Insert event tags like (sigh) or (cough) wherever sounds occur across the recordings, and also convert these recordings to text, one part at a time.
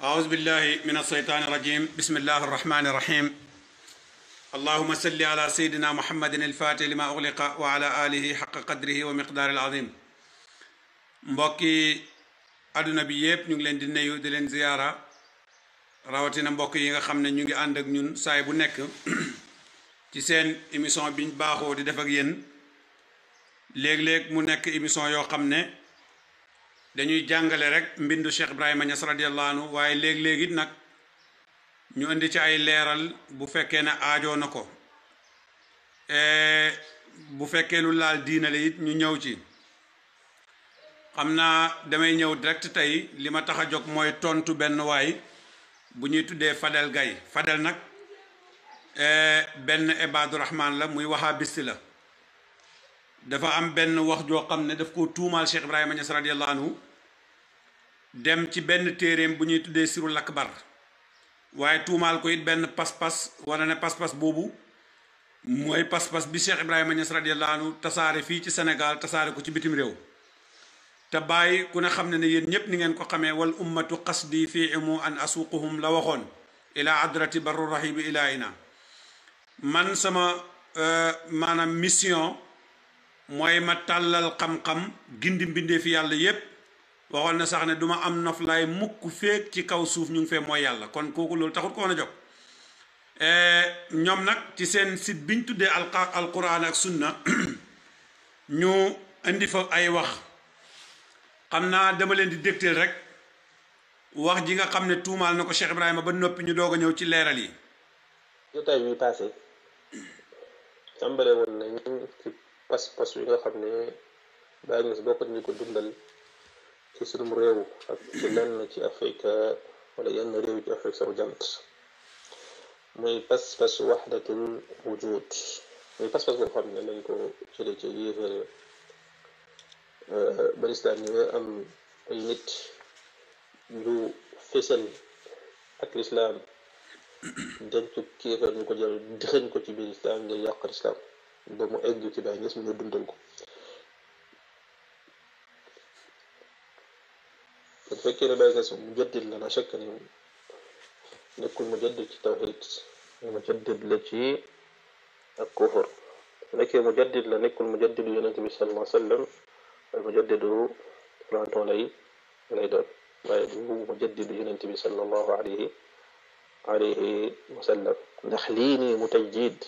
أعوذ بالله من الشيطان الرجيم بسم الله الرحمن الرحيم اللهم صل على سيدنا محمد الفاتح لما أغلق وعلى آله حق قدره ومقدار العظيم mbokki àdduna bi yépp ñu ngi leen di nuyu di leen ziyaara rawatina mbokk yi nga xam ne ñu ngi ànd ñun saay bu nekk ci seen émission biñ baaxoo di def ak yéen léeg-léeg mu nekk émission yoo xam ne dañuy jàngale rek mbindu Cheikh Ibrahima Niass radiyallahu waaye léeg-léeg nag ñu indi ci ay leeral bu fekkee na aajoo na ko eh, bu fekkee lu laal diinale it ñu ñëw ci xam naa damay ñëw direkt tey li ma tax a jóg mooy tontu benn waay bu ñuy tuddee Fadel gay Fadel nag eh, benn Ebadu la muy waxaa bisti la dafa am benn wax joo xam ne daf ko tuumaal Cheikh Ibrahima Niass radiyallahu anhu dem ci benn téereem bu ñuy tuddee lakk bar waaye tuumaal ko it benn pas-pas wala ne pas-pas boobu mooy pas-pas bi Cheikh Ibrahima Niass radiyallahu anhu tasaare fii ci senegal tasaare ko ci bitim réew te bàyyi ku ne xam ne ne yéen ñépp ni ngeen ko xamee wal ummatu qasdi fii imu an asuuquhum la waxoon ilaa adrati barru rahibi ilaa ina man sama euh, maanaam mission mooy ma tàllal xam-xam gindi mbindeef yàlla yépp waxoon na sax ne duma am noflaay mukk féeg ci kaw suuf ñu ngi fee mooy yàlla kon kooku loolu taxut ko woon a eh, ñoom nag ci seen site biñ tuddee alqa alquran ak sunna (clears throat) ñu indi fa ay wax xam naa dama leen di dégteel rek wax ji nga xam ne tuumaal na ko Cheikh Ibrahima ba noppi ñu doog a ñëw ci leeral yi pas-pas yi nga xam ne bàyyi na si bokk nañu ko dundal ci sunum ak ci lenn ci wala yenn réew ci Afrique sowu jant muy pas-pas waxdatul wujud muy pas-pas boo xam ne dañ ko jëlee ci yéeféer euh, ba lislaam ñëwee am ay nit ñu fésal ak lislaam dem ci kéeféer ñu ko jël dëxañ ko ci biir lislaam ngir yàq lislaam ba mu egg ci Baay Ñas mu ne dundal ko bu fekkee ne Baay Ñas mu jaddid la laa shakk ni nekkul mu jaddid ci tawxiid mu jaddid la ci ak kufur bu nekkee mu jaddid la nekkul mu jaddidu yonent bi sallallahu alayhi wa sallam waaye mu jaddidu planton lay lay doon waaye du mu jaddidu yonent bi sallallahu alayhi alayhi wa sallam ndax lii nii mu tajdiid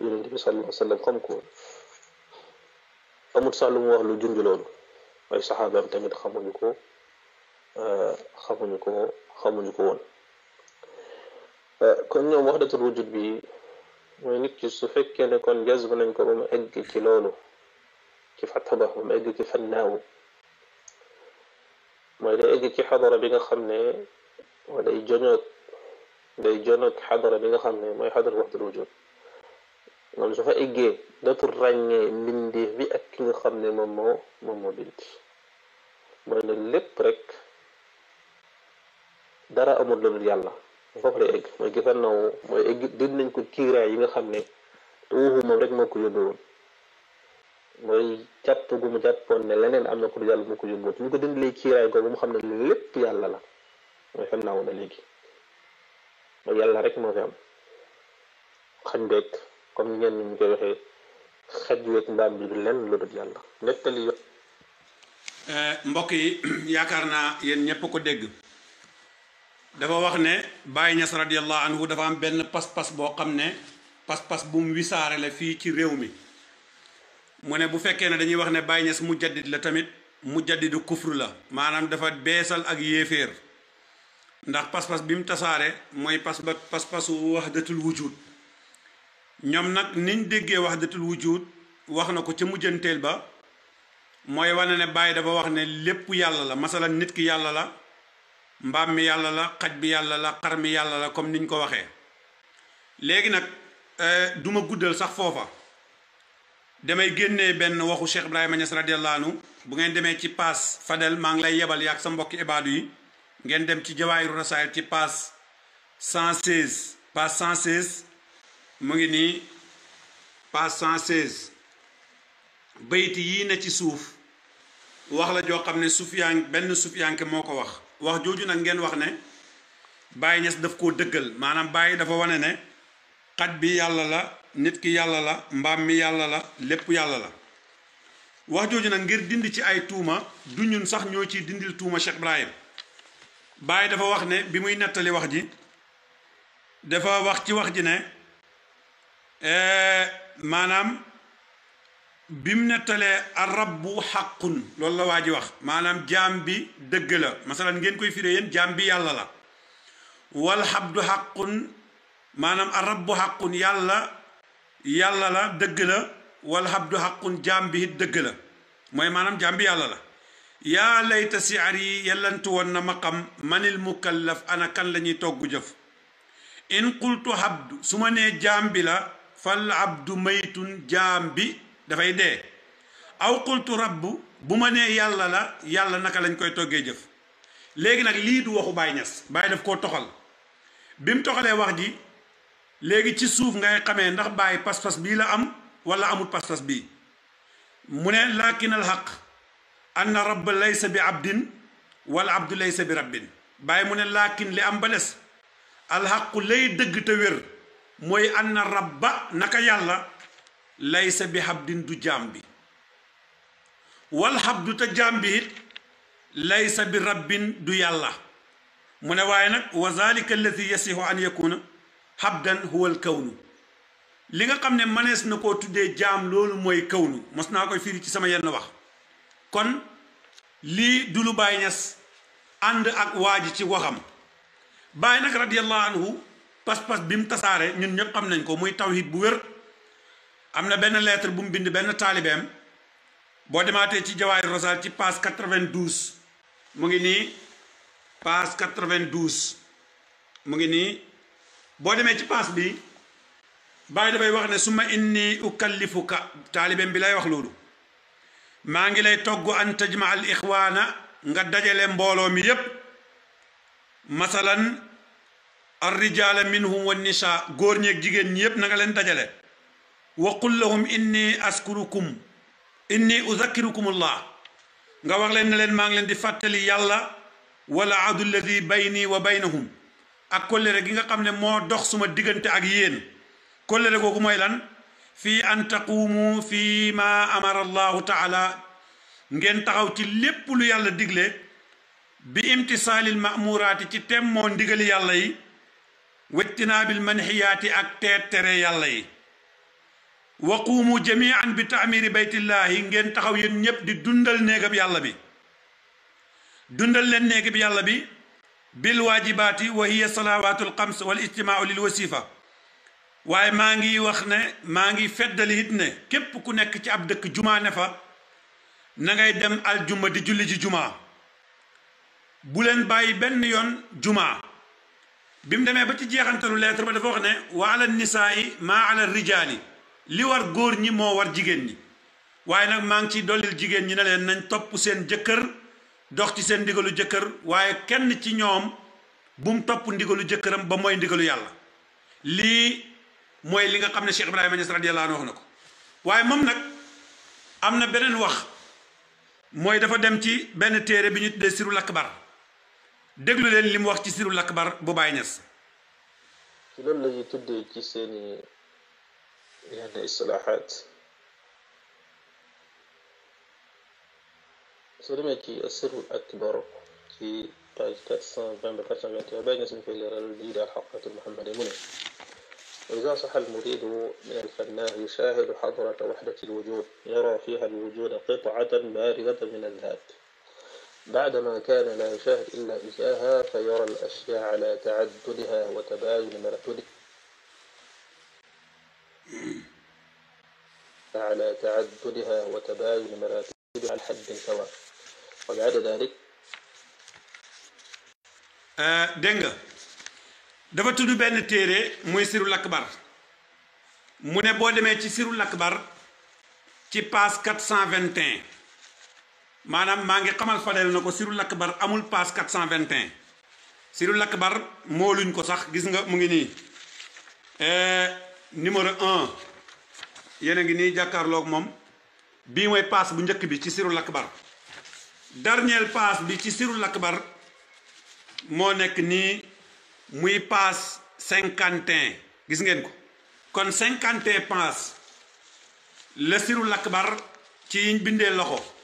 yonent bi sallallahu alayhi wa sallam comme ko amut sax lu mu wax lu junj loolu ay saxaabaam tamit xamuñu ko euh, xamuñu ko xamuñu ko woon euh, kon ñoom waxdatul wujud bi mooy nit ki su fekkee ne kon jazb nañ ko ba mu egg ci loolu ci fatabax ba mu egg ci fannaawu mooy day egg ci xadara bi nga xam ne day jonoog day jonoog xadara bi nga xam ne mooy xadara waxdatul wujud moom su fa eggee dootul ràññee mbindeef bi ak ki nga xam ne moom moo moom moo bind mooy ne lépp rek dara amul la dul yàlla foofu lay egg mooy gifannaaw mooy nañ ko kiiraay yi nga xam ne moom rek moo ko yóbbu woon mooy jàpp gu mu jàppoon ne leneen am na ko du yàlla moo ko yóbbu woon ñu ko dindalee kiiraay googu mu xam ne lépp yàlla la mooy fannaaw a léegi mooy yàlla rek moo fi am xañ beeg comme ñenn ñi koy waxee xaj weeg mbaam bi du lenn lu dul yàlla nettali yo euh, mbokk yi (clears throat) yaakaar naa yéen ñépp ko dégg dafa wax ne Baye Niass radiallahu anhu dafa am benn pas-pas boo xam ne pas-pas bu mu wisaare la fii ci réew mi mu ne bu fekkee ne dañuy wax ne Baye Niass mujaddid la tamit mu mujaddidu kufru la maanaam dafa beesal ak yéeféer ndax pas-pas bi mu tasaare mooy pas ba pas-pasu wahdatul wujud ñoom nag niñ déggee wax wahdatul wujud wax na ko ca mujjanteel ba mooy wane ne bàyyi dafa wax ne lépp yàlla la masalan nit ki yàlla la mbaam mi yàlla la xaj bi yàlla la xar mi yàlla la comme niñ ko waxee léegi nag euh, duma guddal sax foofa damay génnee benn waxu Cheikh Ibrahima Niass radiyallahu anhu bu ngeen demee ci paas Fadel ngi lay yebal yaag sa mbokki ibaadu yi ngeen dem ci jawaayiru rasaayil ci paas 116 paas 116 mu ngi nii page 116 bayt yii ci suuf wax la joo xam ne sufiyan benn sufiyanke moo ko wax wax jooju nag ngeen wax ne bàyyi Niass daf koo dëggal maanaam Baye dafa wane ne xaj bi yàlla la nit ki yàlla la mbaam mi yàlla la lépp yàlla la wax jooju nag ngir dind ci ay tuuma du ñun sax ñoo ciy dindil tuuma Cheikh Ibrahim Baye dafa wax ne bi muy nettali wax ji dafa wax ci wax ji ne Eh, maanaam bim nettalee arabbu xaqun loolu la waa ji wax maanaam jaam bi dëgg la masalan ngeen koy firee yéen jaam bi yàlla la wal xabdu xaqun maanaam arabbu xaqun yàlla yàlla la dëgg la wal xabdu xaqun jaam bi dëgg la mooy maanaam jaam yàlla la yaa layta siar yi yellantu woon na maqam manil mukallaf ana kan la ñuy togg jëf in qultu xabdu su ma nee jaam la fal abdu maytun jaam bi dafay dee aw qultu rabbu bu ma nee yàlla la yàlla naka lañ koy toggee jëf léegi nag lii du waxu Baay Ñas Baay daf koo toxal bi mu toxalee wax ji léegi ci suuf ngay xamee ndax Baay pas bii la am wala amul pas-pas bii mu ne lakin al xaq anna rabb laysa bi abdin wala abdu laysa bi rabbin Baay mu ne lakin li am ba des alxaqu lay dëgg te wér mooy rab ba naka yàlla laysa bi xabdin du jaam bi wal xabdu te jaam bi it laysa bi rabbin du yàlla mu ne waaye nag wa zalika alladi yasixu an yakuna xabdan huwa al kawnu li nga xam ne mënees na koo tuddee jaam loolu mooy kawnu mos naa koy fiir ci sama yenn wax kon lii du Ñas ànd ak waa ji ci waxam Baay nag radiyallahu anhu pas-pas bi mu tasaare ñun ñëpp am nañ ko muy tawhid bu wér am na benn lettre bu mu bind benn taalibeem boo demaatee ci Jawaahir Rasaa'il ci page 92 mu ngi nii page 92 mu ngi nii boo demee ci page bi bàyyi dafay wax ne summa inni ukallifuka taalibeem bi lay wax loolu maa ngi lay togg an tajma al ixwaana nga dajale mbooloo mi yépp masalan arrijaala minhum wa nisaa góor ñeeg jigéen ñi yépp na leen dajale wa qul lahum inni askurukum inni uzakkirukumullah nga wax leen ne leen maa ngi leen di fàttali yàlla wala ahdu alladi bayni wa baynahum ak kóllëre gi nga xam ne moo dox suma diggante ak yéen kóllëre googu moy lan fii an taquumu fii ma amara allahu taala ngeen taxaw ci lépp lu yàlla digle bi imtisaalil maamuraati ci tem moo ndigali yàlla yi wectinaa bil manxiyaati ak teet tere yàlla yi wa quumu jamian bi taamiri baytillaahi ngeen taxaw yéen ñépp di dundal néegab yàlla bi dundal leen néegab yàlla bi bil waajibaati wa hiya salawaatul xams wal lil wasifa waaye maa ngi wax ne maa ngi feddal it ne képp ku nekk ci ab dëkk jumaa ne fa na ngay dem aljuma di julli jumaa bu bàyyi benn yoon jumaa bi mu demee ba ci jeexantalu lettre ba dafa wax ne wa ala nisaa'i maa ala rijaali li war góor ñi moo war jigéen ñi waaye nag maa ngi ciy dollil jigéen ñi ne leen nañ topp seen jëkkër dox ci seen ndigalu jëkkër waaye kenn ci ñoom bu mu topp ndigalu jëkkëram ba mooy ndigalu yàlla lii mooy li nga xam ne Cheikh Ibrahima Niass radiyallahu wax na ko waaye moom nag am na beneen wax mooy dafa dem ci benn téere bi ñu tuddee lakk Akbar déglu leen li mu wax ci sirul akbar bu Baay Ñas ci loolu la ñuy tuddee ci seeni yenn islaaxaat soo demee ci sirul akbar ci page 420 ba 421 Baay Ñas mi fay leeral lii daal xaqatul muhammadi mu ne وإذا صح المريد من الفنان يشاهد حضرة وحدة الوجود يرى فيها الوجود قطعة بارزة من الذات بعدما كان لا يشاهد إلا إزاها فيرى الأشياء على تعددها وتباين مرتدها على تعددها وتباين مراتبها على حد سواء وبعد ذلك dégg nga dafa tudd benn téere muy sirul akbar mu ne boo demee ci sirul akbar ci page 421 maanaam maa ngi xamal Fadel na ko siru lakk Akbar amul paas 421 Sirul Akbar mooluñ ko sax gis nga mu ngi nii eh, numéro 1 yéen ngi nii jàkkaarloog moom bii mooy paas bu njëkk bi ci lakk bar dernier paas bi ci Sirul bar moo nekk nii muy paas 51 gis ngeen ko kon 51 paas la Sirul Akbar ci yiñ bindee loxo.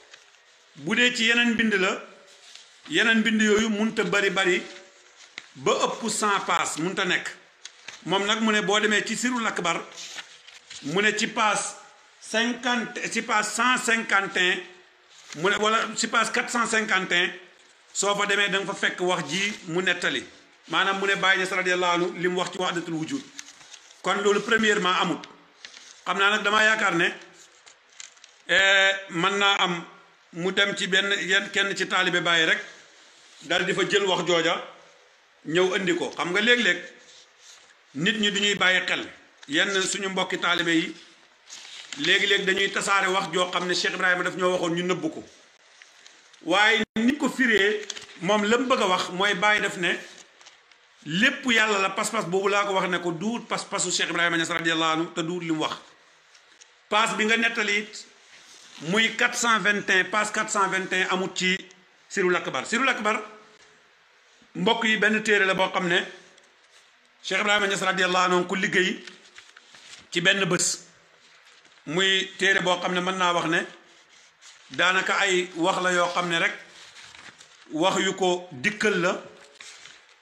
bu dee ci yeneen bind la yeneen bind yooyu munta bari bari ba ëpp cent paas ta nekk moom nag mu ne boo demee ci lakk bar mu ne ci paas cinquante ci paas cent cinquante un mu ne wala ci paas quatre cent cinquante un soo fa demee danga nga fa fekk wax ji mu nettali maanaam mu ne bàyyi na sa radiyallahu anhu li mu wax ci wahdatul wujud kon loolu premièrement amut xam naa nag damaa yaakaar ne eh, mën naa am mu dem ci benn yenn kenn ci taalibe bàyyi rek dal di fa jël wax jooja ñëw indi ko xam nga léeg-léeg nit ñi duñuy bàyyi xel yenn suñu mbokki taalibe yi léegi-léegi dañuy tasaare wax joo xam ne Cheikh Ibrahima def ñoo waxoon ñu nëbb ko waaye ni ko firee moom la mu bëgg a wax mooy bàyyi def ne lépp yàlla la pas-pas boobu laa ko wax ne ko duut pas-pasu Cheikh Ibrahima Niass radiyallahu anhu te duut li mu wax paas bi nga nettali muy 421 page 421 amut ci Sirrul Akbar Sirrul bar mbokk yi benn téere la boo xam ne Cheikh Ibrahima Niass radiyallahu anhu ku liggéey ci benn bës muy téere boo xam ne mën naa wax ne daanaka ay wax la yoo xam ne rek wax yu ko dikkal la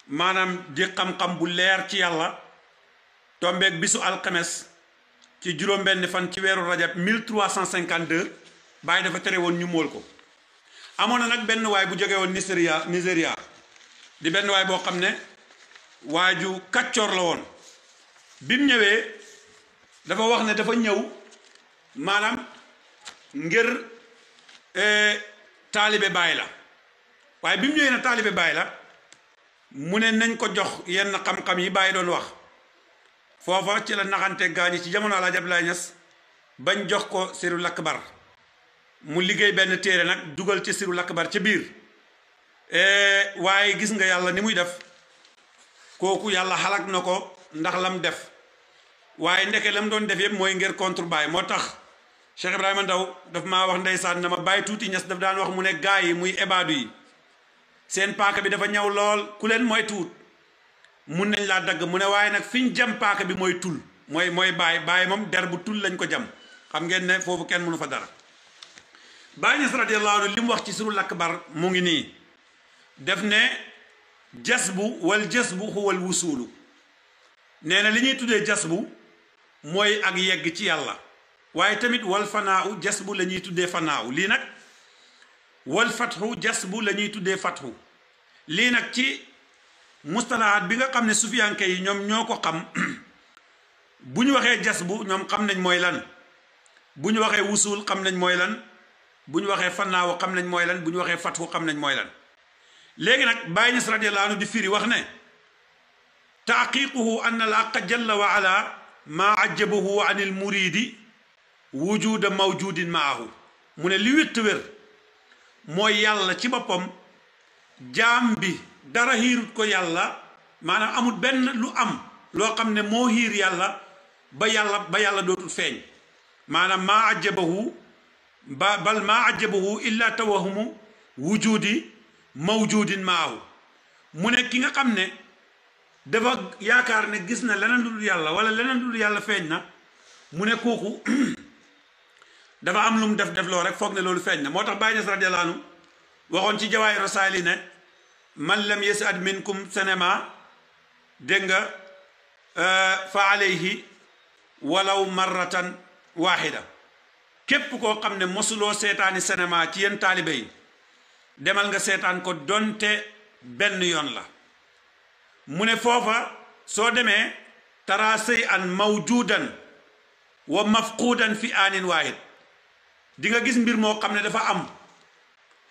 maanaam di xam-xam bu leer ci yàlla tombeeg bisu alxames ci juróom-benn fan ci weeru rajab 1352 bàyyi dafa tere woon ñu mool ko amoon na nag benn waay bu jege woon Nigeria Nigeria di benn waay boo xam ne waaju kàccoor la woon bi mu ñëwee dafa wax ne dafa ñëw maanaam ngir eh, taalibe bàyyi la waaye bi mu ñëwee na taalibe baay la mu ne nañ ko jox yenn xam-xam yi bàyyi doon wax foofa ci la naxante gaañi ci jamono Alaaji Abdoulaye Niass bañ jox ko lakk Lakbar mu liggéey benn téere nag dugal ci siru lakbar ca biir e, waaye gis nga yàlla ni muy def kooku yàlla xalaat na ko ndax lam def waaye ndeke mu doon def yëpp mooy ngir contre baay moo tax Cheikh Ibrahima Ndaw daf ma wax ndeysaan na ma bàyyi tuuti ñas daf daan wax mu ne gaa yi muy ebaadu yi seen paaka bi dafa ñaw lool ku leen mooy tuut mun nañ laa dagg mu ne waaye nag fi ñu jam paaka bi mooy tul mooy mooy baay baay moom der bu tul lañ ko jam xam ngeen ne foofu kenn mënu fa dara Baay Ñas radiyallahu anhu li wax ci surul akbar mu ngi nii def ne jasbu wal jasbu huwal wusuulu nee na li ñuy tuddee jas bu mooy ak yegg ci yàlla waaye tamit wal fanaaw jasbu la ñuy tuddee fanaaw lii nag wal fatxu jasbu la tuddee fatxu lii nag ci mustalahaat bi nga xam ne sufiyanke yi ñoom ñoo ko xam (clears throat) bu ñu waxee jas jasbu ñoom xam nañ mooy lan bu ñu waxee wusuul xam nañ mooy lan bu ñu waxee fannaawu xam nañ mooy lan bu ñu waxee fatxu xam nañ mooy lan léegi nag bàyyi ñas radiallahu anhu di firi wax ne taxqiquhu an al haqa jalla wa ala maa ajjabahu an il muridi wujuda mawjudin maahu mu ne li wétt wér mooy yàlla ci boppam jaam bi dara xiirut ko yàlla maanaam amul benn lu am loo xam ne moo xiir yàlla ba yàlla ba yàlla dootul feeñ maanaam maa ajjabahu ba bal maa ajabahu illa tawahumu wujudi mawjudin maahu mu ne ki nga xam ne dafa yaakaar ne gis na leneen du yàlla wala leneen lu yàlla feeñ na mu ne kooku (clears throat) dafa am lu mu def def loo rek foog ne loolu feeñ na moo tax Baay Ñas radiyallaahu anhu waxoon ci jawaay rasaali ne man lam yas'ad minkum sinema dégg nga fa alayhi walaw marratan waahida képp koo xam ne mosuloo seetaani cinéma ci yenn taalibe yi demal nga seetaan ko donte benn yoon la mu ne foofa soo demee tara sëy an mawjudan wa mafquudan fi aanin waahid di nga gis mbir moo xam ne dafa am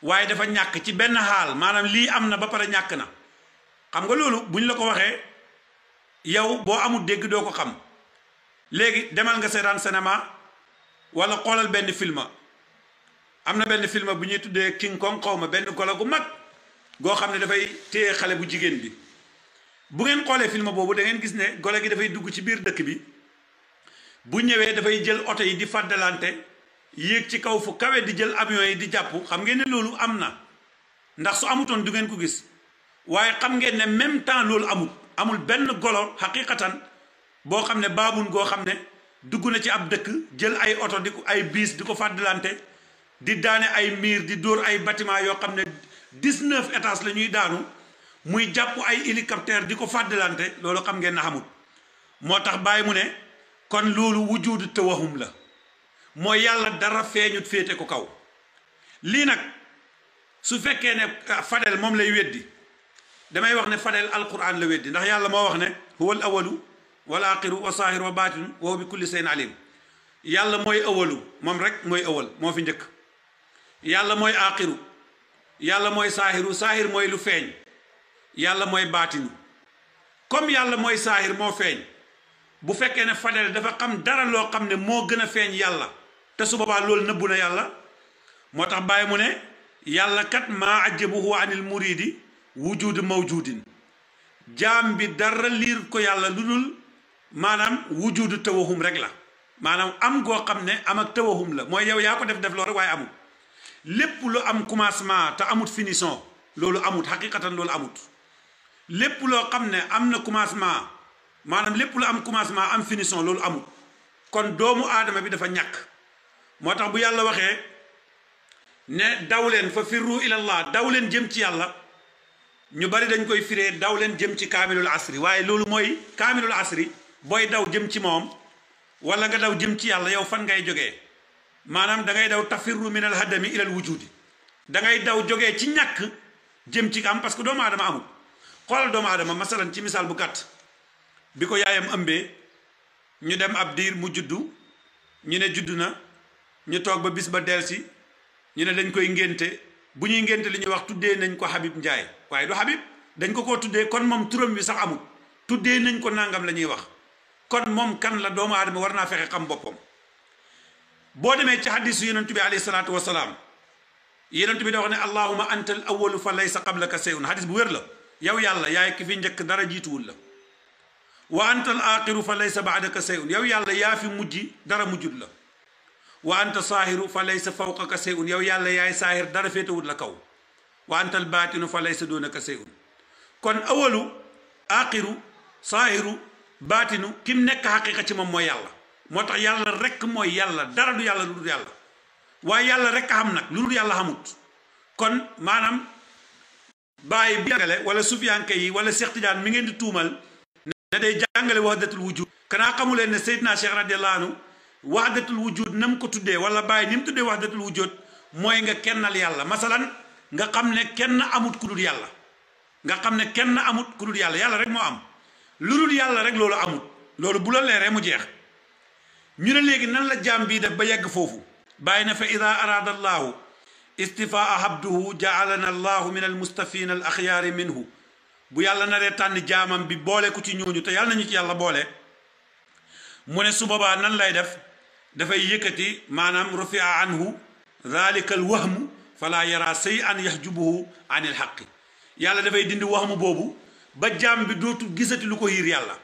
waaye dafa ñàkk ci benn xaal maanaam lii am na ba pare ñàkk na xam nga loolu buñ la ko waxee yow boo amul dégg doo ko xam léegi demal nga seetaan cinéma wala xoolal benn filma am na benn filma bu ñuy tuddee King Kong xaw ma benn golo gu mag goo xam ne dafay téye xale bu jigéen bi bu ngeen xoolee film boobu da ngeen gis ne golo gi dafay dugg ci biir dëkk bi bu ñëwee dafay jël oto yi di fàddalante yéeg ci kaw fu kawe di jël avion yi di jàpp xam ngeen ne loolu am na ndax su amutoon du ngeen ko gis waaye xam ngeen ne même temps loolu amul amul benn golo xaqiqatan boo xam ne baabun goo xam ne dugg na ci ab dëkk jël ay oto di ko ay biis di ko fàddalante di daane ay miir di dóor ay bâtiment yoo xam ne dix-neuf étages la ñuy daanu muy jàpp ay hélicoptère di ko fàddalante loolu xam ngeen na xamul moo tax bàyyi mu ne kon loolu wujudu tawahum la mooy yàlla dara feeñut féete ko kaw lii nag su fekkee ne ah, Fadel moom lay weddi damay wax ne Fadel alquran la weddi ndax yàlla moo wax ne huwal awalu wal aaxiru wa saahir wa baatin wa bi kulli seen alim yàlla mooy awalu moom rek mooy awal moo fi njëkk yàlla mooy aaxiru yàlla mooy saahiru saahir mooy lu feeñ yàlla mooy baatinu comme yàlla mooy saahir moo feeñ bu fekkee ne fadel dafa xam dara loo xam ne moo gën a feeñ yàlla te su boobaa loolu nëbbu na yàlla moo tax bàyyi mu ne yàlla kat maa ajabuhu anil muridi wujud mawjudin jaam bi dara liir ko yàlla lu dul maanaam wujudu tawahum rek la maanaam am goo xam ne am ak tawahum la mooy yow yaa ko def def loolu rek waaye amul lépp lu am commencement te amut finition loolu amut xaqiqatan loolu amut lépp loo xam ne am na commencement maanaam lépp lu am commencement am finition loolu amut kon doomu aadama bi dafa ñàkk moo tax bu yàlla waxee ne daw leen fa firru ilallah daw leen jëm ci yàlla ñu bari dañ koy firee daw leen jëm ci kaamilul asri waaye loolu mooy la asri booy daw jëm ci moom wala nga daw jëm ci yàlla yow fan ngay jógee maanaam da ngay daw tafirru minal hadami ilal wujudi da ngay daw jógee ci ñàkk jëm ci am parce que doomu aadama amul xoolal doomu aadama masalan ci misaal bu gàtt bi ko yaayam ëmbee ñu dem ab diir mu juddu ñu ne juddu na ñu toog ba bis ba delsi ñu ne dañ koy ngénte bu ñuy ngénte li ñu wax tuddee nañ ko Habib njaay waaye du Habib dañ ko koo tuddee kon moom turam wi sax amul tuddee nañ ko nangam la ñuy wax kon moom kan la doomu aadama war naa fexe xam boppam boo demee ci xadisu yonentu bi alayhi salaatu wasalaam yonentu bi da wax ne allahuma anta al awalu fa laysa qablaka seyun xadis bu wér la yow yàlla yaay ki fi njëkk dara jiituwul la wa anta al axiru fa laysa baadaka seyun yow yaa fi mujji dara mujjul la wa anta saahiru fa laysa fawqaka seyun yow yàlla yaay saahir dara féetewul la kaw wa anta al baatinu fa laysa doonaka seyun kon awalu axiru saahiru baatinu kim nekk xaqiqa ci moom mooy yàlla moo tax yàlla rekk mooy yàlla dara du yàlla lu dul yàlla waaye yàlla rekk xam nag lu dul yàlla xamut kon maanaam bàyyi bi jàngale wala sufiyanke yi wala Cheikh Tidiane ngeen di tuumal ne day jàngale wahdatul wujud kanaa xamuleen ne Seydina Cheikh radiyallahu anhu wahdatul wujud na mu ko tuddee wala bàyyi ni mu tuddee wahdatul wujud mooy nga kennal yàlla masalan nga xam ne kenn amut ku dul yàlla nga xam ne kenn amut ku dul yàlla yàlla rek moo am lu dul yàlla rek loolu amut loolu bu la leeree mu jeex ñu ne léegi nan la jaam bii def ba yegg foofu bàyyi na fa ida araada allahu istifaa habduhu jaalana allahu min almustafina al axyaari minhu bu yàlla naree tànn jaamam bi boole ku ci ñooñu te yàlla nañu ci yàlla boole mu ne su boobaa nan lay def dafay yëkkati maanaam rufia anhu dalika al wahmu fala yara sey an yaxjubuhu an yàlla dafay dindi wahmu boobu ba jaam bi dootul gisati lu ko xiir yàlla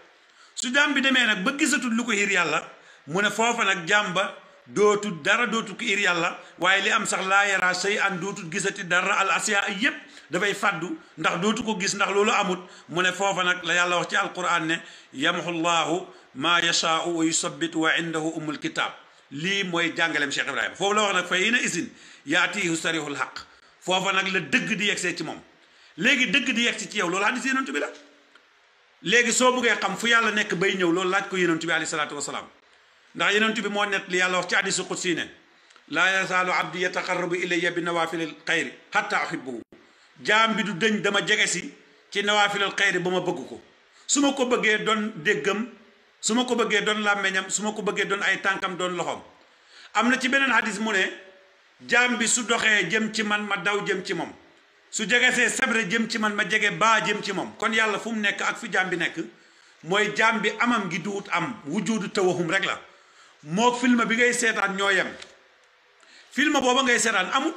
su jaam bi demee nag ba gisatul lu ko xiir yàlla mu ne foofa nag jàmba ba dootul dara dootul ko xiir yàlla waaye li am sax laa yara say an dootul gisati dara al asiya ay yépp dafay fàddu ndax dootu ko gis ndax loolu amut mu ne foofa nag la yàlla wax ci alquran ne yamaxu llaahu maa yashaau wa yusabbit wa indahu umul kitaab lii mooy jàngaleem Cheikh Ibrahima foofu la wax nag fa yina isin yaatiihu sarihul xaq foofa nag la dëgg di yegsee ci moom léegi dëgg di yegg ci yow loolu hadiis yonent bi la léegi soo buggee xam fu yàlla nekk bay ñëw loolu laaj ko yonent bi alayhi salaatu wasalaam ndax yonent bi moo nett li yàlla wax ci hadiisu qudsi ne laa yazaalu abdi yataqarrabu ilayya bi nawaafilil xayri xatta uhibbuhu jaam bi du dëñ dama jege si ci nawaafilil xayri ba ma bëgg ko su ma ko bëggee doon déggam su ma ko bëggee doon làmmeñam su ma ko bëggee doon ay tànkam doon loxoom am na ci beneen hadis mu ne jaam bi su doxee jëm ci man ma daw jëm ci moom su jege see sabre jëm ci man ma jege baa jëm ci moom kon yàlla fu mu nekk ak fi jaam bi nekk mooy jaam bi amam gi duwut am wujudu tawahum rek la moo film bi ngay seetaan ñoo yem film booba ngay seetaan amut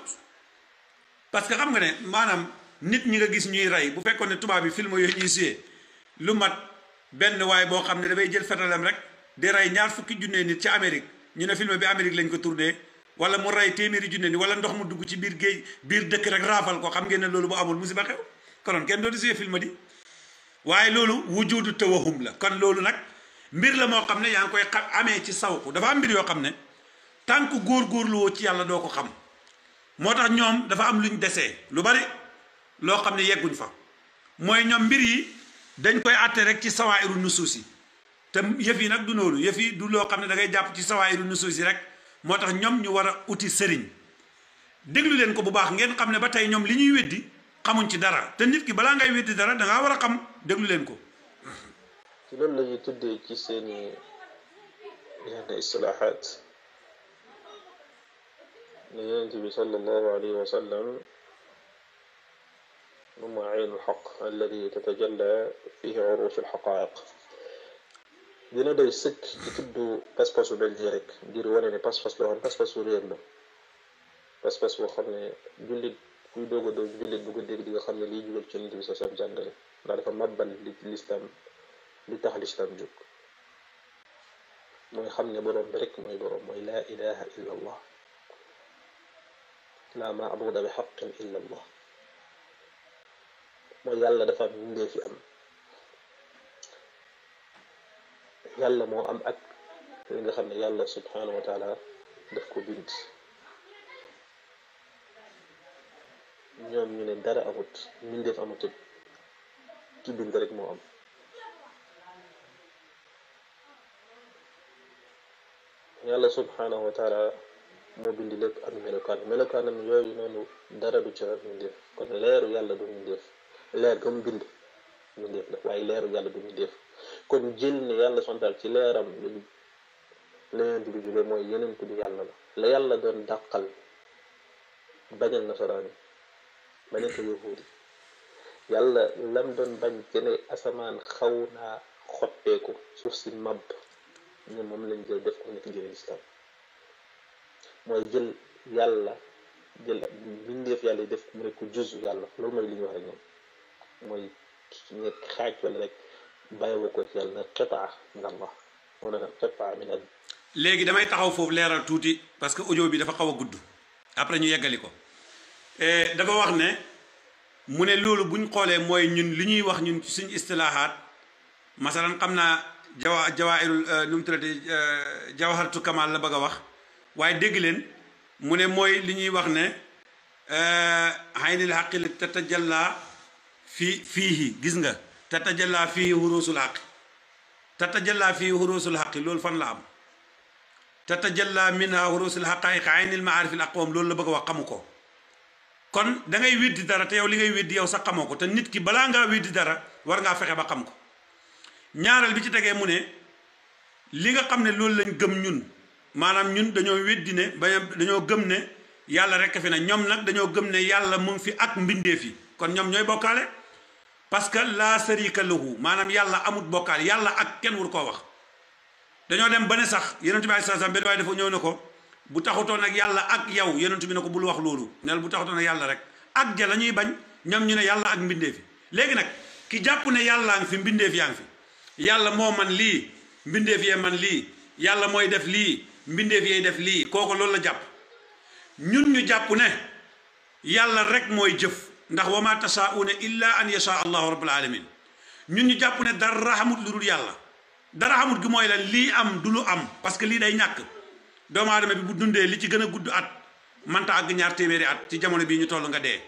parce que xam nga ne maanaam nit ñi nga gis ñuy rey bu fekkoon ne tubaab bi film yooyu ñuy suyee lu mat benn waay boo xam ne dafay jël fetalam rek di rey ñaar fukki junne nit ci Amérique ñu ne film bi Amérique lañ ko tourné wala mu rey téeméeri junne ni wala ndox mu dugg ci biir géej biir dëkk rek raafal ko xam ngeen ne loolu bu amul musiba xew konoon kenn dootu suyee film di waaye loolu wujudu tawahum la kon loolu nag mbir la moo xam ne yaa ngi koy xam amee ci sawku dafa am mbir yoo xam ne tànk góor-góorlu ci yàlla doo ko xam moo tax ñoom dafa am luñ desee lu bari loo xam ne yegguñ fa mooy ñoom mbir yi dañ koy àtte rek ci sawaayiru nusuus yi te yëf yi nag du noonu yëf yi du loo xam ne da ngay jàpp ci sawaayiru nusuus yi rek moo tax ñoom ñu war a uti sëriñ déglu leen ko bu baax ngeen xam ne ba tey ñoom li ñuy weddi xamuñ ci dara te nit ki balaa ngay weddi dara da ngaa war a xam déglu leen ko. ci loolu la ñuy tuddee ci seeni yenn islaaxaat ne yonent bi sallallahu alayhi wa sallam moom mooy aynul xaq alladi tatajalla fihi uruusul dina doy sëkk ci tudd pas-pasu Belgique rek ngir wane ne pas-pas la woon pas-pasu réer xam ne jullit kuy doog a doon jullit bu ko dégg di nga xam ne liy jugal ci nit bi sa sam jàngale ndax dafa màbbal li tax li tax lislaam jóg mooy xam ne boroom bi rek mooy boroom mooy laa ilaha illa allah laa maabuda bi xaqin illa allah mooy yàlla dafa am mbindee fi am yàlla moo am ak li nga xam ne yàlla subhanahu wa taala ko bind ñoom ñu ne dara amut def amutut ci bind rek moo am yàlla subhanahu wa taala moo bind lépp am melokaan melokaanam yooyu noonu dara du ca mbindeef kon leeru yàlla du mbindeef leer ga mu bind mbindeef la waaye leeru yàlla du mbindeef kon jël ni yàlla santal ci leeram lu leneen di jule mooy yeneen ku di yàlla la la yàlla doon dàqal bañal nasaraani bañal ko yahuudi yàlla lam doon bañ gene asamaan xaw naa xotteeku suuf si mab ñu moom lañ jël def ko nekk jël islam mooy jël yàlla jël mbindeef yàlla def mu nekk ko juzu yàlla loolu mooy li wax rek ñoom mooy xaaj wala rek léegi damay taxaw foofu leeral tuuti parce que audio bi dafa xaw a gudd après ñu yeggali ko eh, dafa wax ne mu ne loolu buñ xoolee mooy ñun li ñuy wax ñun suñ istilaahaat masalan xam naa jawaa jawaahirul eh, nu mu tuddati eh, jawahartu kamal la bëgg a wax waaye dégg leen mu ne mooy li ñuy wax ne xaynil xaqil tatajalla fii fiihi gis nga tatajalla fii huruusul xaqi tatajalla fii la xaqi loolu fan la am tatajalla minha huruusul xaqaayiq aynil maarif al aqwam loolu la bëgg a wax xamu ko kon da ngay weddi dara te yow li ngay weddi yow sax xamoo ko te nit ki balaa ngaa weddi dara war ngaa fexe ba xam ko ñaareel bi ci tegee mu ne li nga xam ne loolu lañ gëm ñun maanaam ñun dañoo weddi ne ba dañoo gëm ne yàlla rekk fi na ñoom nag dañoo gëm ne yàlla mu ngi fi ak mbindeef yi parce que laa sharika lahu maanaam yàlla amut bokkaal yàlla ak kenn wur koo wax dañoo dem ba ne sax yonent bi sallallahu alayhi wasallam benn waaye dafa ñëw ne ko bu taxutoon nag yàlla ak yow yonent bi ne ko bul wax loolu nel bu taxutoon ak yàlla rek ak ja la ñuy bañ ñoom ñu ne yàlla ak mbindeef yi léegi nag ki jàpp ne yàllaa fi mbindeef yaa ngi fi yàlla moo man lii mbindeef yee man lii yàlla mooy def lii mbindeef yee def lii kooku loolu la jàpp ñun ñu jàpp ne yàlla rek mooy jëf ndax wa ma tasaauna illa an yasha allahu rabbul alamin ñun ñu jàpp ne dara xamut lu dul yàlla dara xamut gi mooy lan lii am du lu am parce que lii day ñàkk doomu aadama bi bu dundee li ci gën a gudd at manta àgg ñaar téeméeri at ci jamono bii ñu toll nga dee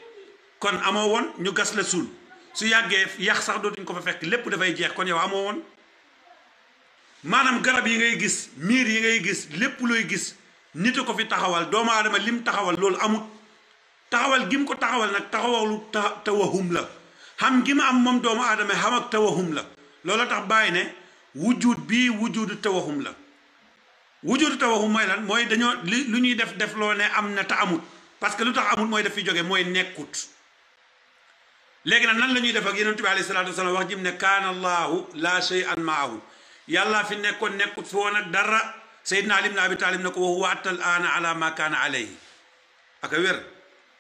kon amoo woon ñu gas la suul su yàggee yax sax dootuñ ko fa fekk lépp dafay jeex kon yow amoo woon maanaam garab yi ngay gis miir yi ngay gis lépp looy gis nit ko fi taxawal doomu aadama lim taxawal loolu amut taxawal gim ko taxawal nag taxawalu tawahum la xam gi ma am moom doomu aadama xam ak tawahum la loola tax bàyyi ne wujud bii wujudu tawahum la wujudu tawahum mooy lan mooy dañoo lu ñuy def def loo ne am na te amut parce que lu tax amut mooy daf fi jóge mooy nekkut léegi na nan la ñuy def ak yonent bi alayhi salaatu wasalaam wax jim ne kaana allahu la ma maahu yàllaa fi nekkoon nekkut fi woon dara sayyidina ali ibn abi taalib ne ko wa huwa attal aana ala ma kaana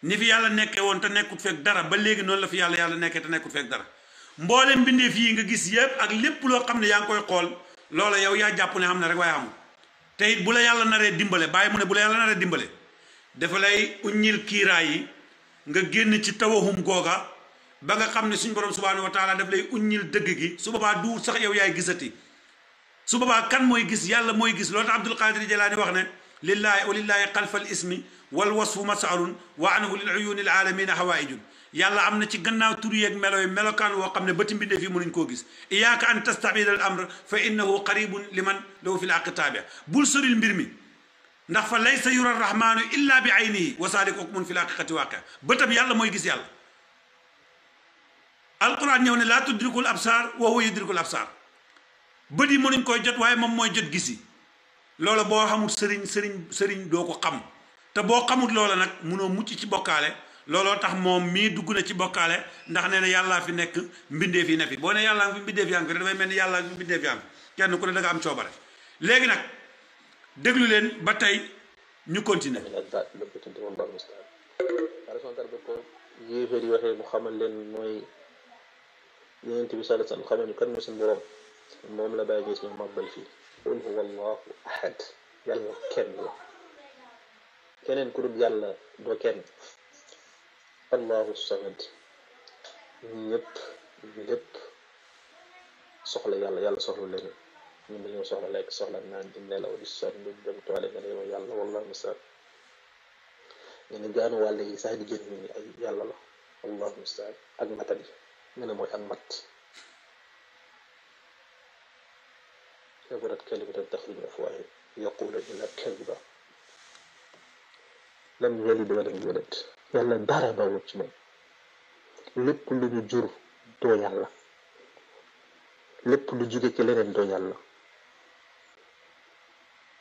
ni fi yàlla nekkee woon te nekkut fekk dara ba léegi noonu la fi yàlla yàlla nekkee te nekkut fekk dara mboolem mbindeef yi nga gis yëpp ak lépp loo xam ne yaa ngi koy xool loola yow yaa jàpp ne am na rek waaye amul te it bu la yàlla naree dimbale bàyyi mu ne bu la yàlla naree dimbale dafa lay uññil kiiraay yi nga génn ci tawahum googa ba nga xam ne suñ borom subhanahu wa taala daf lay uññil dëgg gi su boobaa duur sax yow yaay gisati su boobaa kan mooy gis yàlla mooy gis loolu tax Abdul Qadir Jilaani wal wasfu masalun wa anhu lil uyuni alamina hawaijun yàlla am na ci gannaaw tur yeeg melo yi melokaan woo xam ne bëti mbindee fii mënuñ koo gis iyaaka an tastabida al amr fa innahu qaribun li man fi l aq taabia bul soril mbir mi ndax fa laysa yura rahmanu illa bi aynihi wa saalik hukmun fi l haqiqati waaqia bëtam yàlla mooy gis yàlla alquran ñëw ne laa tudrikul absaar wa huwa yudrikul absaar bët yi mënuñ koy jot waaye moom mooy jot gisi loolo boo xamul sëriñ sëriñ sëriñ doo ko xam te boo xamul loola nag munoo mucc ci bokkaale looloo tax moom mii dugg na ci bokkaale ndax nee na yàllaa fi nekk mbindeef yi ne fi boo ne yàllaa fi mbindeef yaa ngi fi dafay ni yàllaa fi mbindeef yaa ngi kenn ku ne am coobare léegi nag déglu leen ba tey ñu continuer yéeféer yi waxee mu xamal leen mooy yonent bi sallallahu alayhi wa sallam xamal ñu kan mu suñu borom moom la bàyyi gis ñu màbbal fii qul huwa allahu ahad yàlla kenn la keneen ku dul yàlla doo kenn allahu samad ñëpp ñëpp soxla yàlla yàlla soxla leen ñun dañoo soxla lekk soxla naan di nelaw di sonn di dem toile nga yàlla wallahu mustaan nga ne gaanu wàll yi sax di génn ñu ay yàlla la allahu mustaan ak matali nga ne mooy ak mat kaburat kalimatan taxruju lam yalid walam yulad yàlla dara bawut ci moom lépp lu ñu jur doo yàlla lépp lu jóge ci leneen doo yàlla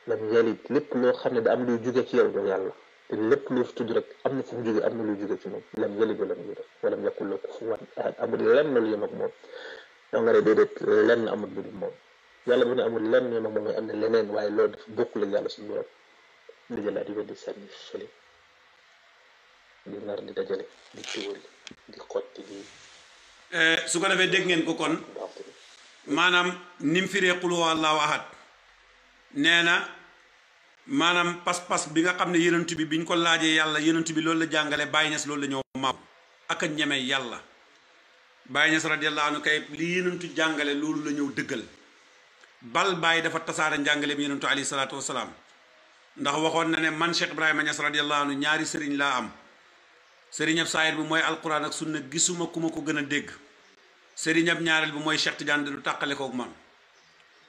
lam yalid lépp loo xam ne da am luy jóge ci yow doo yàlla te lépp lu fi tudd rek am na fu mu jóge am na luy jóge ci moom lam yalid walam yulad walam yakul lahu kufuwan ahad amul lenn lu yem ak moom da nga ne déedéet lenn amul lu dul moom yàlla bu ne amul lenn lu yem ak moom mooy am na leneen waaye loolu dafa bokkul ak yàlla suñu borom di jëlaat di weddi sànni fële di nar di dajale di eh, su ko defee dégg ngeen ko kon maanaam nim firee qul huwa allahu ahad nee na maanaam pas-pas bi nga xam ne yenentu bi biñ ko laajee yàlla yenentu bi loolu la jàngale Baay Ñas loolu la ñoo maam ak a ñeme yàlla Baay Ñas radiyallahu anhu kay li yenentu jàngale loolu la ñëw dëggal bal Baay dafa tasaare njàngaleem yenentu alayhi salaatu wasalaam ndax waxoon na ne man Cheikh Ibrahima Ñas radiyallahu ñaari sëriñ laa am sëriñab saayir bi mooy alquran ak sunna gisuma ku ma ko gën a dégg sëriñab ñaareel bi mooy Cheikh Tidiane du tàqale koog man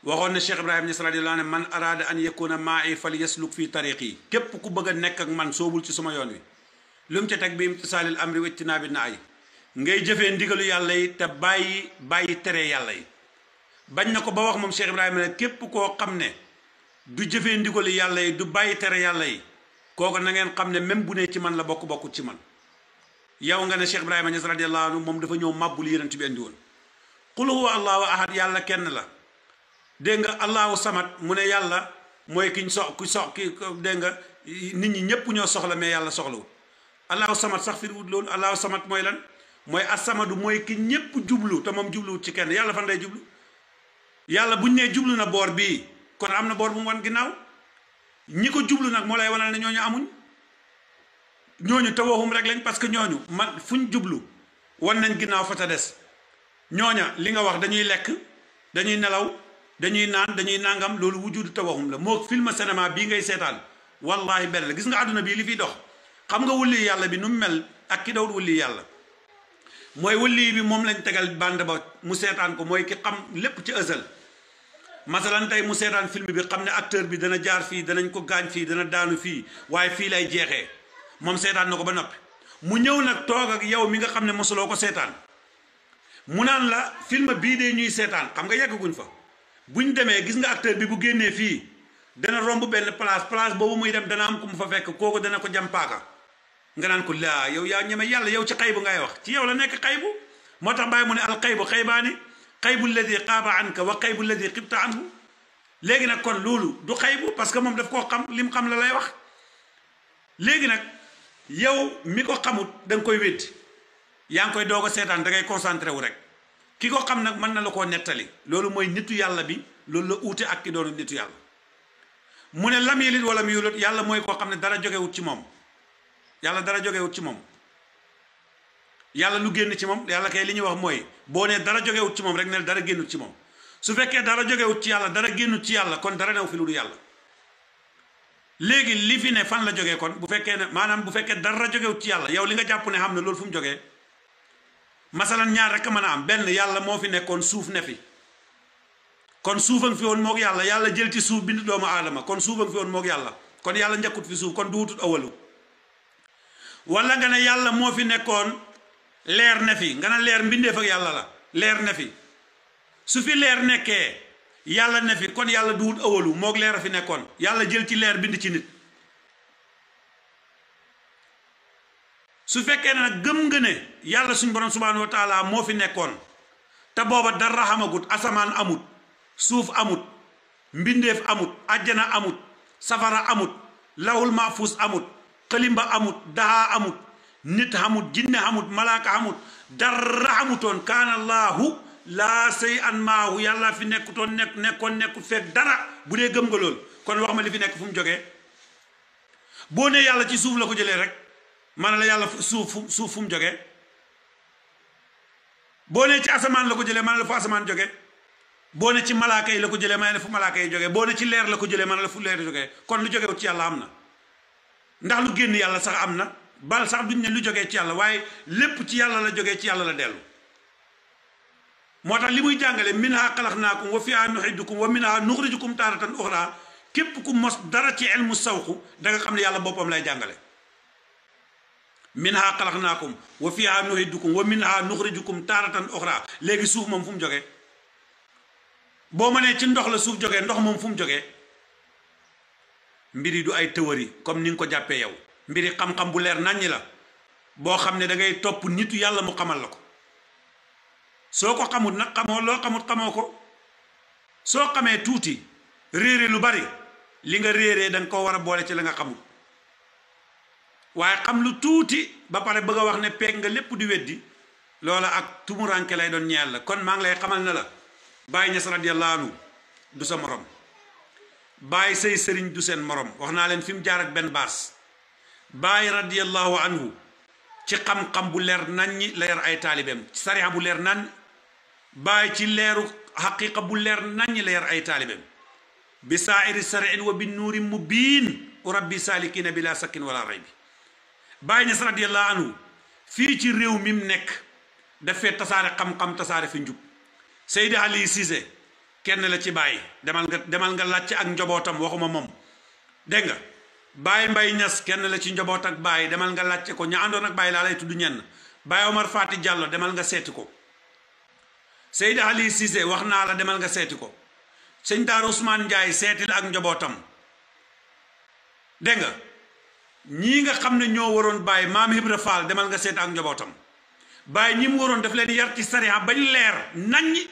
waxoon na Cheikh sa Niass radiyallahu anhu man araada an maa ma'i fal yasluk fii tariqi yi képp ku bëgg a nekk ak man soobul ci suma yoon wi lu mu ca teg bi imtisaalil amri wa ijtinaabi nahyi ngay jëfe ndigalu yàlla yi te bàyyi bàyyi tere yàlla yi bañ na ko ba wax moom Cheikh Ibrahima ne képp koo xam ne du jëfee ndigalu yàlla du bàyyi tere yàlla yi kooku na ngeen xam ne même bu ne ci man la bokk bokk ci man yow nga ne Cheikh Ibrahima Niass radiyallahu anhu moom dafa ñëw màbbul yonent bi andi woon qul huwa allahu ahad yàlla kenn la dégg nga allahu samad mu ne yàlla mooy kiñ sox ku sox ki dégg nit ñi ñépp ñoo soxla mais yàlla soxlawul allahu samad sax firiwut loolu allahu samad mooy lan mooy asamadu mooy ki ñépp jublu te moom jubluwut ci kenn yàlla fan lay jublu yàlla buñ nee jublu na boor bii kon am na boor bu mu wan ginnaaw ñi ko jublu nag moo lay wanal ne ñooñu tawaxum rek lañ parce que ñooñu man fuñ jublu wan nañ ginnaaw fa ta des ñooña li nga wax dañuy lekk dañuy nelaw dañuy naan dañuy nangam loolu wujudu tawaxum la moo film cinéma bii ngay seetaan wallahi benn la gis nga àdduna bii li fiy dox xam nga wulli yàlla bi nu mel ak ki dawul wulli yàlla mooy wulli bi moom lañ tegal bande ba mu seetaan ko mooy ki xam lépp ci ësal masalan tey mu seetaan film bi xam ne acteur bi dana jaar fii danañ ko gaañ fii dana daanu fii waaye fii lay jeexee moom seetaan na ko ba noppi mu ñëw nag toog ak yow mi nga xam ne mosuloo ko seetaan mu naan la film bii de ñuy seetaan xam nga yeggaguñ fa bu ñu demee gis nga acteur bi bu génnee fii dana romb benn place place boobu muy dem dana am ko mu fa fekk kooku dana ko jam nga naan ko laa yow yaa ñeme yàlla yow ci bu ngay wax ci yow la nekk xay bu moo tax bàyyi mu ne al xaybu xaybaani xaybu alladi xaaba anka wa xaybu alladi xibta anhu léegi nag kon loolu du xaybu parce que moom daf koo xam lim xam la lay wax léegi nag yow mi ko xamut da koy wéddi yaa ngi koy doog a seetaan da ngay concentré wu rek ki ko xam nag mën na la ko nettali loolu mooy nittu yàlla bi loolu la uute ak ki doonu nitu yàlla mu ne lam yelit wala mu yulut yàlla mooy koo xam ne dara jógewut ci moom yàlla dara jógewut ci moom yàlla lu génn ci moom yàlla kay li ñuy wax mooy boo ne dara jógewut ci moom rek ne dara ci moom su fekkee dara jógewut ci yàlla dara génnut ci yàlla kon dara new fi lu dul yàlla léegi li fi ne fan la jógee kon bu fekkee ne maanaam bu fekkee dara jógewut ci yàlla yow li nga jàpp ne xam ne loolu fu mu jógee masalan ñaar rek a mën a am benn yàlla moo fi nekkoon suuf ne fi kon suufam fi woon moog yàlla yàlla jël ci suuf bind doomu aadama kon suufam fi woon moog yàlla kon yàlla njëkkut fi suuf kon duutut awalu wala nga ne yàlla moo fi nekkoon leer ne fi nga ne leer mbindeef ak yàlla la leer ne fi su fi leer nekkee yàlla ne fi kon yàlla duwut awalu moog leer a fi nekkoon yàlla jël ci leer bind ci nit su fekkee ne nag gëm nga ne yàlla suñu borom subhaanahu wa moo fi nekkoon te booba dara xamagut asamaan amut suuf amut mbindeef amut ajjana amut safara amut lawul mahfuus amut xëlimba amut dahaa amut nit xamut jinne xamut malaaka xamut dara xamutoon kaanallaahu laa sey an maahu yàlla fi nekkutoon nekk nekkoon nekkut feet dara bu dee gëm nga lool kon wax ma li fi nekk fu mu jógee boo nee yàlla ci suuf la ko jëlee rek ma ne la yàlla suuf suuf fu mu jógee boo nee ci asamaan la ko jëlee ma la fu asamaan jógee boo ne ci malaaka la ko jëlee ma ne fu malaaka yi jógee boo ne ci leer la ko jëlee ma ne la fu leer jógee kon lu jógewut ci yàlla am na ndax lu génn yàlla sax am na bal sax duñ ne lu jógee ci yàlla waaye lépp ci yàlla la jógee ci yàlla la dellu moo tax li muy jàngale minha xalaqnaakum wa fiha nuxidukum wa minha nuxrijukum taaratan uxra képp ku mos dara ci ilmu saw da nga xam ne yàlla boppam lay jàngale minha xalaqnaakum wa fiha nuxidukum wa minha nuxrijukum taaratan uxra léegi suuf moom fu mu jógee boo ma ne ci ndox la suuf jogee ndox moom fu mu jógee mbir yi du ay théorie comme ni ko jàppee yow mbiri xam-xam bu leer naññi la boo xam ne da ngay topp nitu yàlla mu xamal la ko soo ko xamut nag xamoo loo xamut xamoo ko soo xamee tuuti réere lu bari li nga réeree danga koo war a boole ci la nga xamut waaye xam lu tuuti ba pare bëgg a wax ne peeg nga lépp di weddi loola ak tumuraanke lay doon ñeel la kon maa ngi lay xamal na la Baay Ñas radiyallahu anhu du sa morom bàyyi say sëriñ du seen morom wax naa leen fi mu jaar ak benn baas Baay radiyallahu anhu ci xam-xam bu leer nañ ñi ay taalibeem ci bu leer nañ bàyyi ci leeru xaqiqa bu leer naññ leer ay taalibeem bi saa saairi sarin wa bi nuuri mubiin urabbi salikina bila sakkin wala raybi bàyyi ñas radiallahu fii ci réew mi mu nekk dafee tasaare xam-xam tasaare fi njub Seydi Ali Cissé kenn la ci bàyyi demal nga demal nga laaj ak njobootam waxuma moom dégg nga bàyyi mbay ñas kenn la ci njoboot ak bàyyi demal nga laajte ko ña àndoon ak bàyyi laa lay tudd ñenn bàyyi Omar Fati Diallo demal nga seeti ko Seydi Ali sise wax naa la demal nga seeti ko sëñ Daara Ousmane Ndiaye seetil ak njabootam dégg nga ñii nga xam ne ñoo waroon bàyyi maam Ibra Fall demal nga seet ak njabootam bàyyi ñi mu waroon daf leen yar ci sariya bañ leer nañ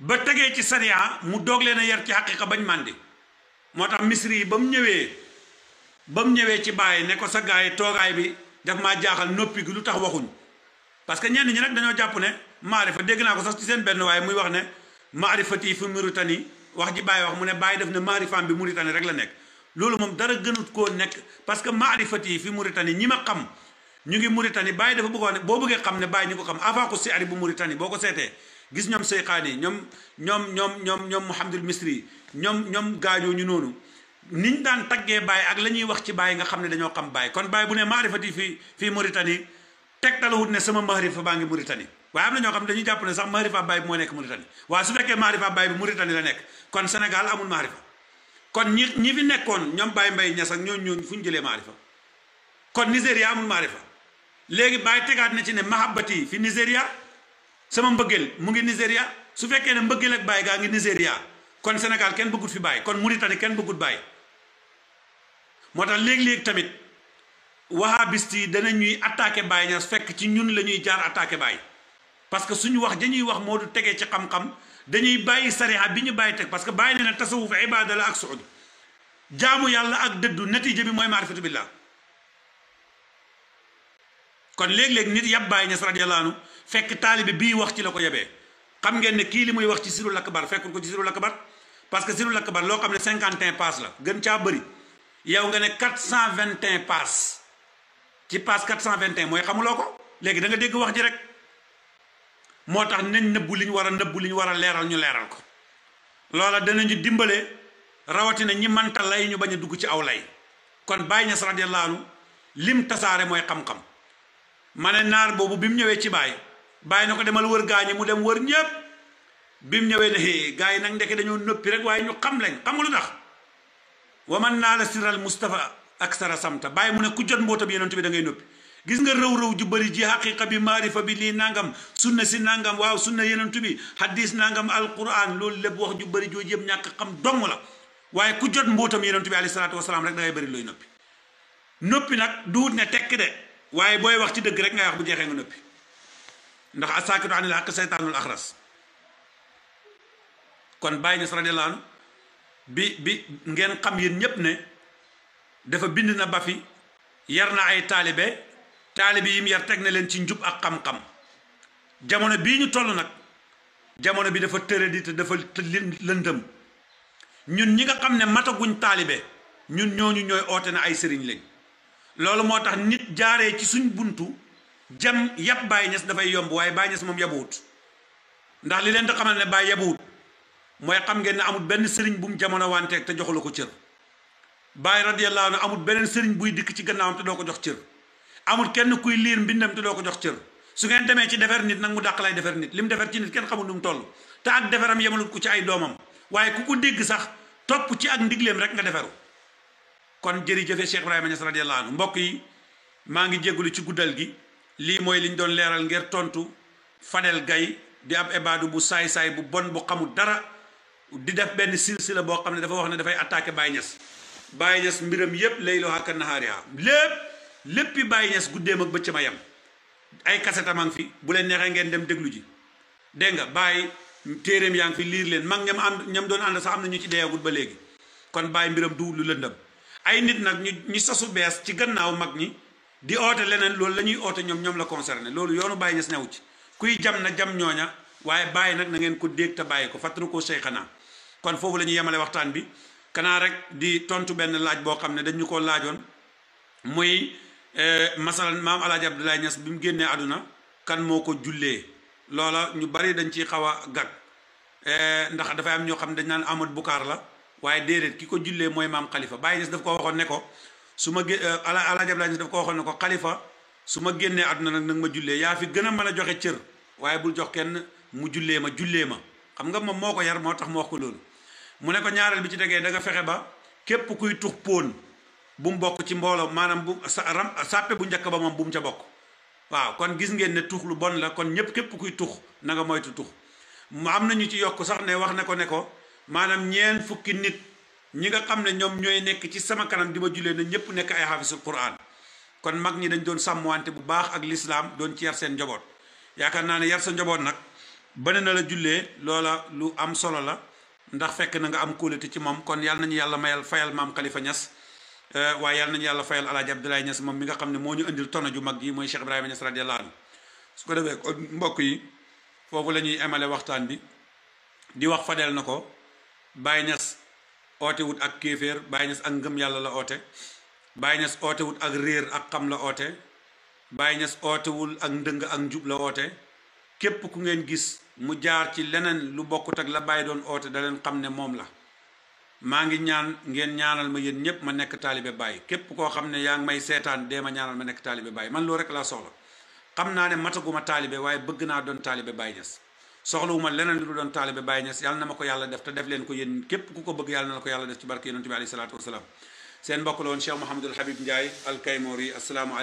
ba tegee ci sariya mu doog leen a yar ci xaqiqa bañ màndi moo tax misri yi ba mu ñëwee ba mu ñëwee ci bàyyi ne ko sa gaay toogaay bi daf maa jaaxal noppi gi lu tax waxuñ parce que ñenn ñi nag dañoo jàpp ne. fa dégg naa ko sax ci seen benn waaye muy wax ne maarifati yi fi Mauritanie wax ji bàyyi wax mu ne bàyyi def ne maarifaam bi Mauritanie rek la nekk loolu moom dara gënut koo nekk parce que maarifati yi fi Mauritanie ñi ma xam ñu ngi Mauritanie bàyyi dafa bëggoon ne boo bëggee xam ne bàyyi ñu ko xam avant ko si ari bu boo ko seetee gis ñoom seyxaan yi ñoom ñoom ñoom ñoom ñoom Mouhamadul Misri ñoom ñoom gaajoo ñu noonu niñ daan taggee bàyyi ak la ñuy wax ci bàyyi nga xam ne dañoo xam bàyyi kon bàyyi bu ne maarifati fii fii Mauritanie tegtaluwut ne sama maarifa baa ngi Mauritanie waaye am na ñoo xam ne dañuy jàpp ne sax maarifa baay bi moo nekk Mauritanie waaye su fekkee maarifa baay bi Mauritanie la nekk kon Sénégal amul maarifa kon ñi ñi fi nekkoon ñoom Baye Mbaye Niass ak ñooñu ñooñu jëlee maarifa kon Nigéria amul maarifa léegi Baye tegaat na ci ne mahabbati fi Nigéria sama mbëggeel mu ngi Nigéria su fekkee ne mbëggeel ak Baye gaa ngi Nigéria kon Sénégal kenn bëggut fi bàyyi kon Mauritanie kenn bu bëggut Baye moo tax léeg-léeg tamit wahabiste yi dana ñuy attaqué Baye ña fekk ci ñun la ñuy jaar attaqué Baye parce que suñu wax dañuy wax moo du tegee ci xam-xam dañuy bàyyi sariha bi ñu bàyyi teg parce que bàyyi ne na tasawuf ibaada la ak suud jaamu yàlla ak dëddu natiija bi mooy maarifatu billah kon léeg-léeg nit yab Baay Ñas radiyallaahu anhu fekk taalibe bii wax ci la ko yebee xam ngeen ne kii li muy wax ci sirul akbar fekkul ko ci sirul akbar parce que sirul akbar loo xam ne 51 paas la gën caa bëri yow nga ne 421 paas ci paas 421 mooy xamuloo ko léegi da nga dégg wax ji rek. moo tax nit nëbbu li ñu war a nëbbu li ñu war a leeral ñu leeral ko loola ñu dimbale rawatina ñi manta lay ñu bañ a dugg ci aw lay kon Baay Ñas radiyallaahu anhu lim tasaare mooy xam-xam ma ne naar boobu bi mu ñëwee ci Baay Baay na ko demal wër gaañi mu dem wër ñëpp bi mu ñëwee ne gaa yi nag ndeke dañoo noppi rek waaye ñu xam lañ xam lu tax waman naa la siral Mustafa ak sara samta Baay mu ne ku jot mbootam yonent bi da ngay noppi gis nga rëw-rëw ju bëri ji xaqiqa bi maarifa bi lii nangam sunna si nangam waaw sunna yenentu bi hadis nangam alquran loolu lépp wax ju bari jooju yëpp ñàkk xam dong la waaye ku jot mbootam yenentu bi alayhi salaatu wasalaam rek da ngay bëri noppi nag duut ne tekk de waaye booy wax ci dëgg rek ngay wax bu jeexee nga noppi ndax asaakitu anil haq kon bàyyi ñas radiyallahu bi bi ngeen xam yéen ñépp ne dafa bind na ba fi yar na ay taalibe taalibe yim yar teg na leen ci njub ak xam-xam jamono bii ñu toll nag jamono bi dafa tëradi te dafa lëndëm ñun ñi nga xam ne mataguñ taalibe ñun ñooñu ñooy oote na ay sëriñ lañ loolu moo tax nit jaaree ci suñ buntu jam yab Baay Ñas dafay yomb waaye Baay Ñas moom yabuwut ndax li leen di xamal ne Baay yabuwut mooy xam ngeen ne amul benn sëriñ bum jamono wanteek te joxu la ko cër Baay radiyallahu anhu amul beneen sëriñ buy dikk ci gannaawam te doo ko jox cër amul kenn kuy liir mbindam te doo ko jox cër su ngeen demee ci defar nit nag mu dàq lay defar nit li mu defar ci nit kenn xamul nu mu toll te ak defaram yemalul ku ci ay doomam waaye ku ko dégg sax topp ci ak ndigleem rek nga defaru kon jërëjëfe Cheikh Ibrahima Niass radiyallahu anhu mbokk yi maa ngi jégalu ci guddal gi lii mooy liñ doon leeral ngir tontu Fadel gay di ab ebaadu bu saay-saay bu bon bu xamul dara di def benn silsila boo xam ne dafa wax ne dafay attaqué Baye Niass Baye Niass mbiram yépp layluhaa ka nahaarihaa léppi Baye Niass guddeem ak bëccëg ma yam ay kasetam a ngi fi bu leen neexee ngeen dem déglu ji dégg nga Baye téeréem yaa ngi fi liir leen mag ñam ànd ñam doon ànd sax am na ñu ci deeyagut ba léegi kon Baye mbiram du lu lëndëm ay nit nag ñu ñu sasu bees ci gannaaw mag ñi di oote leneen loolu la ñuy oote ñoom ñoom la concerné loolu yoonu Baye Niass new ci kuy jam na jam ñooña waaye bàyyi nag na ngeen ko dégg te bàyyi ko fàttali ko sey xanaa kon foofu la ñuy yemale waxtaan bi kanaa rek di tontu benn laaj boo xam ne dañu ko laajoon Eh, masalan maam alaaji Abdoulaye Niass bi mu génnee àdduna kan moo ko jullee loola ñu bari dañ ciy xaw a gàgg eh, ndax dafay am ñoo xam dañ naan Amadou Boucar la waaye déedéet ki ko jullee mooy maam xalifa Baye Niass daf ko waxoon ne ko su ma gé eh, ala alaaji Abdoulaye Niass daf ko waxoon ne ko Khalifa su ma génnee àdduna nag nag ma jullee yaa fi gën a man a joxe cër waaye bul jox kenn mu jullee ma jullee ma xam nga moom moo ko yar moo tax mu wax ko loolu mu ne ko ñaaral bi ci tegee da nga fexe ba képp kuy tux póon bu mu bokk ci mbooloo maanaam bu sa sàppe bu njëkk ba moom bu mu ca bokk waaw kon gis ngeen ne tux lu bon la kon ñépp képp kuy tux nanga nga moytu tux mu am nañu ci yokk sax ne wax na ko ne ko maanaam ñeen fukki nit ñi nga xam ne ñoom ñooy nekk ci sama kanam di ma jullee na ñépp nekk ay xaafisul quran kon mag ñi dañ doon sàmmuwante bu baax ak lislaam doon ci yar seen njaboot yaakaar naa ne yar sa njaboot nag bane na la jullee loola lu am solo la ndax fekk na nga am kóolute ci moom kon yàlla nañu yàlla mayal fayal maam Khalifa ñas Euh, waaye yàlla nañu yàlla fayal alaaji Abdoulaye Niass moom mi nga xam ne moo ñu indil tono ju mag yi mooy Cheikh Ibrahima Niass radiyallahu anhu su ko defee mbokk yi foofu la ñuy emale waxtaan bi di wax fadeel na ko bàyyi ñas oote wut ak kéeféer Baye Niass ak ngëm yàlla la ote bàyyi ñas oote wut ak réer ak xam la oote Baye Niass ootewul ak ndëng ak njub la oote képp ku ngeen gis mu jaar ci leneen lu bokkut ak la bàyyi doon oote daleen xam ne moom la maa ngi ñaan ngeen ñaanal ma yéen ñëpp ma nekk taalibe Baye képp koo xam ne yaa ngi may seetaan dee ma ñaanal ma nekk taalibe Baye man loolu rek laa soxla xam naa ne mataguma taalibe waaye bëgg naa doon taalibe Baye Niass soxlawuma leneen lu doon taalibe Baye Niass yàlla na ma ko yàlla def te def leen ko yéen képp ku ko bëgg yàlla na la ko yàlla def ci barke yonent bi alayhi salaatu wasalaam seen mbokk la woon Cheikh Mouhamadul Habib Ndiaye alkaymor